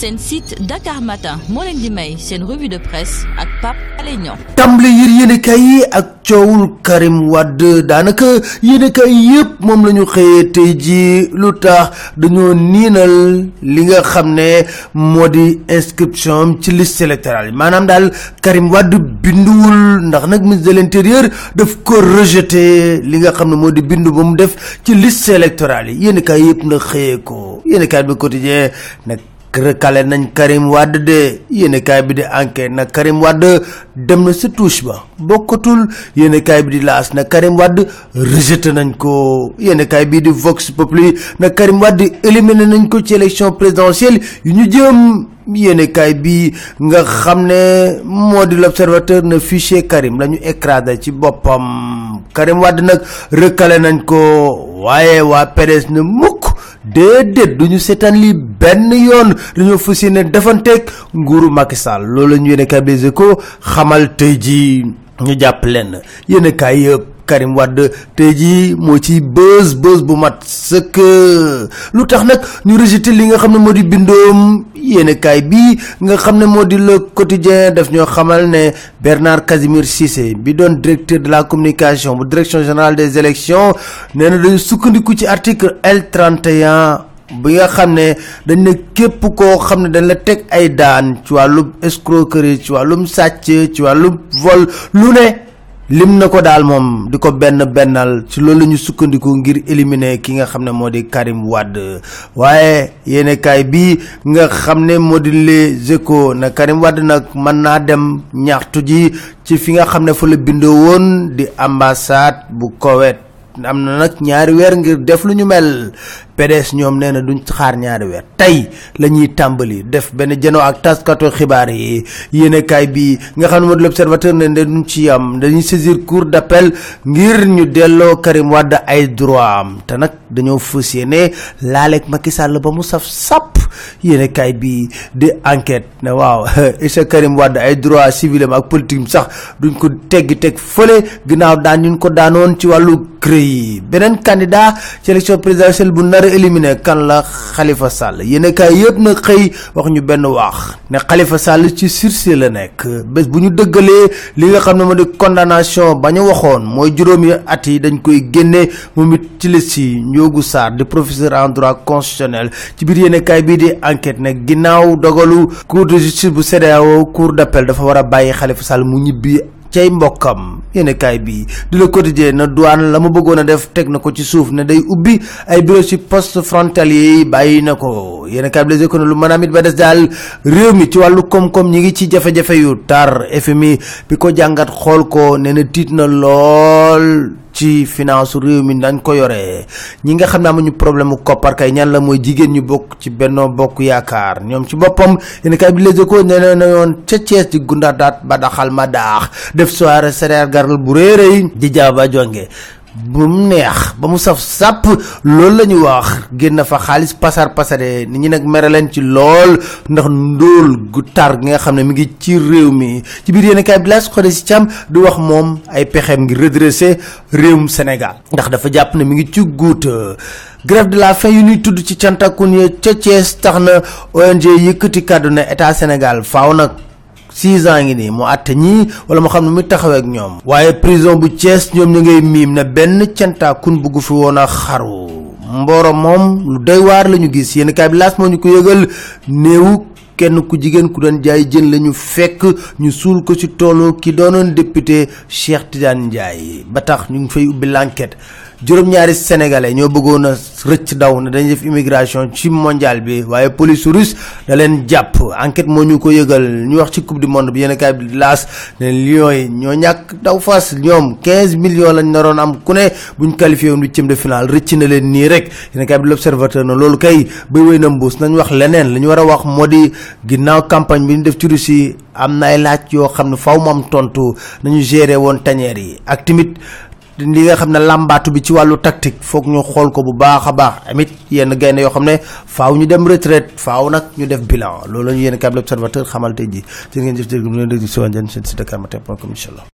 seen site Dakar Matin moo leen di may seen revue de presse ak Pape Alé Niang tàmbali yir yéenekaay yi ak coowul Karim Wade daanaka yéenekaay yëpp moom la ñu xëyee tey jii lu tax dañoo niinal li nga xam ne moo di inscription ci liste électorale yi maanaam daal Karim Wade binduwul ndax nag ministre de l'intérieur daf ko rejeté li nga xam ne moo di bindu ba mu def ci liste électorale yi yéenekaay yëpp na xëyee ko yéenekaay bi quotidien nag recalé nañ Karim wadd de yéenekaay bi di enquête na Karim wadd dem na sa touche ba bokkatul yéenekaay bi di laas na Karim Wade rejeté nañ ko yéenekaay bii di Vox Populi na Karim Wade éliminé nañ ko ci élection présidentielle yu ñu jëm yéenekaay bi nga xam ne moo di l'observateur na fichier Karim la ñu écrasé ci boppam Karim Wade nag recalé nañ ko waaye waa PDS na mukk déedéet du ñu seetaan li benn yoon dañoo fas yéene defanteeg nguuru Macky Sall loolu la ñu yéene kaay Les xamal tey jii ñu jàpp leen yéene kaay Karim Wade te jii moo ci bës bës bu mat sëkk lu tax nag ñu rejeté li nga xam ne moo di bindoom yéenekaay bi nga xam ne moo di le quotidien daf ñoo xamal ne Bernard Casimir Cissé bi doon directeur de la communication bu direction générale des élections nee na dañu sukkandiku ci article L31. bi nga xam ne dañ ne képp koo xam ne dañ la teg ay daan ci wàllum escroquerie ci wàllum sàcc ci wàllum vol lu ne lim na ko daal moom di ko benn bennal ci loolu la ñu sukkandiku ngir éliminer ki nga xam ne moo di Karim wadd waaye yéenekaay bi nga xam ne moo di Les Échos na Karim Wade nag mën naa dem ñaxtu ji ci fi nga xam ne fa la bindoo woon di ambassade bu Koweït am na nag ñaari weer ngir def lu ñu mel PDS ñoom nee na duñ xaar ñaari weer tey la ñuy tàmbali def benn jeno ak taskatu xibaar yi yéenekaay bi nga xam ne moo di l'observateur ne duñ ci am dañuy saisir cour d'appel ngir ñu delloo Karim Wade ay droit am te nag dañoo fas yéene laaleeg Macky Sall ba mu saf sap yéenekaay bi di enquête ne waaw isa Karim Wade ay droit civil am ak politique sax duñ ko teggi teg fële ginnaaw daan ñu ko daanoon ci wàllu CREI yi beneen candidat ci élection présidentielle bu nar a éliminé kan la Khalifa Sall yéenekaay yëpp na xëy wax ñu benn waax ne xalifa Sall ci sursis la nekk bés bu ñu dëggalee li nga xam ne moo di condamnation ba ñu waxoon mooy juróomi at yi dañ koy génne moom it ci la si Ndiogou Sarr di professeur en droit ci biir yéenekaay bii di enquête ne ginnaaw dogalu cour de justice bu d'appel dafa war a bàyyi Khalifa Sall mu ñibbi. cay mbokkam yéenekaay bi du Le de na douane la mu bëggoon a def teg na ko ci suuf ne day ubbi ay bureau ci poste frontalier yi bàyyi na ko yéenekaay bi Les Échos lu maanaam it ba des daal réew mi ci wàllu koom-koom ñi ngi ci jafe-jafe yu tar FMI bi ko jàngat xool ko nee na tiit na lool ci finance réew mi nañ ko yore ñi nga xam ne ñu problème mu koppar kay ñan la mooy jigéen ñi bokk ci Benno Bokk Yaakaar ñoom ci boppam yéen kay bi Les Échos na yoon ca Thiès di gundaat ba daxal ma daax def soirée céréale garal bu réeréy di jaaba jonge bu mu neex ba mu saf sàpp loolu la ñu wax génn fa xaalis pasar pasare nit ñi nag mere leen ci lool ndax ndóol gu tar gi nga xam ne mi ngi ci réew mi ci biir yéen kaay bi laas xode si càmm du wax moom ay pexeem ngir redressé réewum Sénégal ndax dafa jàpp ne mi ngi ci guut grève de la faim yu ñuy tudd ci cantakon ya ca Thiès tax na ONG yëkkati kàddu na état Sénégal faw nag six ans ngi nii mu àtte ñii wala moo xam ne mu taxawee ak ñoom waaye prison bu Thiès ñoom ñu ngay miim na benn kun bugg fi woon a xaru mbooro moom lu doy waar la ñu gis yéen kaay bi laas moo ñu ko yëgal néewu kenn ku jigéen ku doon jaay jën lañu fekk ñu suul ko ci toolu ki doonoon député Cheikh Tidiane Ndiaye ba tax ñu ngi fay ubbi l'enquête juróom-ñaari sénégalais ñoo bëggoon a rëcc daw na dañuy def immigration ci mondial bi waaye police russe da leen jàpp enquête moo ñu ko yëgal ñu wax ci coupe du monde bi yéen kaay bi di laas ne lions yi ñoo ñàkk daw fas ñoom 15 millions lañ naroon am ku ne bu ñu qualifié woon huitième de finale rëcc na leen nii rek yéen kaay bi l'observateur na loolu kay bay wéy na mbuus nañu wax leneen li ñu war a wax moo di ginnaaw campagne bi ñu def ci Russie am na ay laaj yoo xam ne faw moom tontu nañu géré woon tañeer yi ak li nga xam ne làmbaatu bi ci wàllu tactique foog ñu xool ko bu baax a baax amit yenn gaynde yoo xam ne faaw ñu dem retraite faaw nag ñu def bilan loolu ñu yéen a kàddu observateur xamal tey jii ci ngeen jëf jërëjëf ñu ngi leen di déglu si wàllu seen site karmatin.com incha allah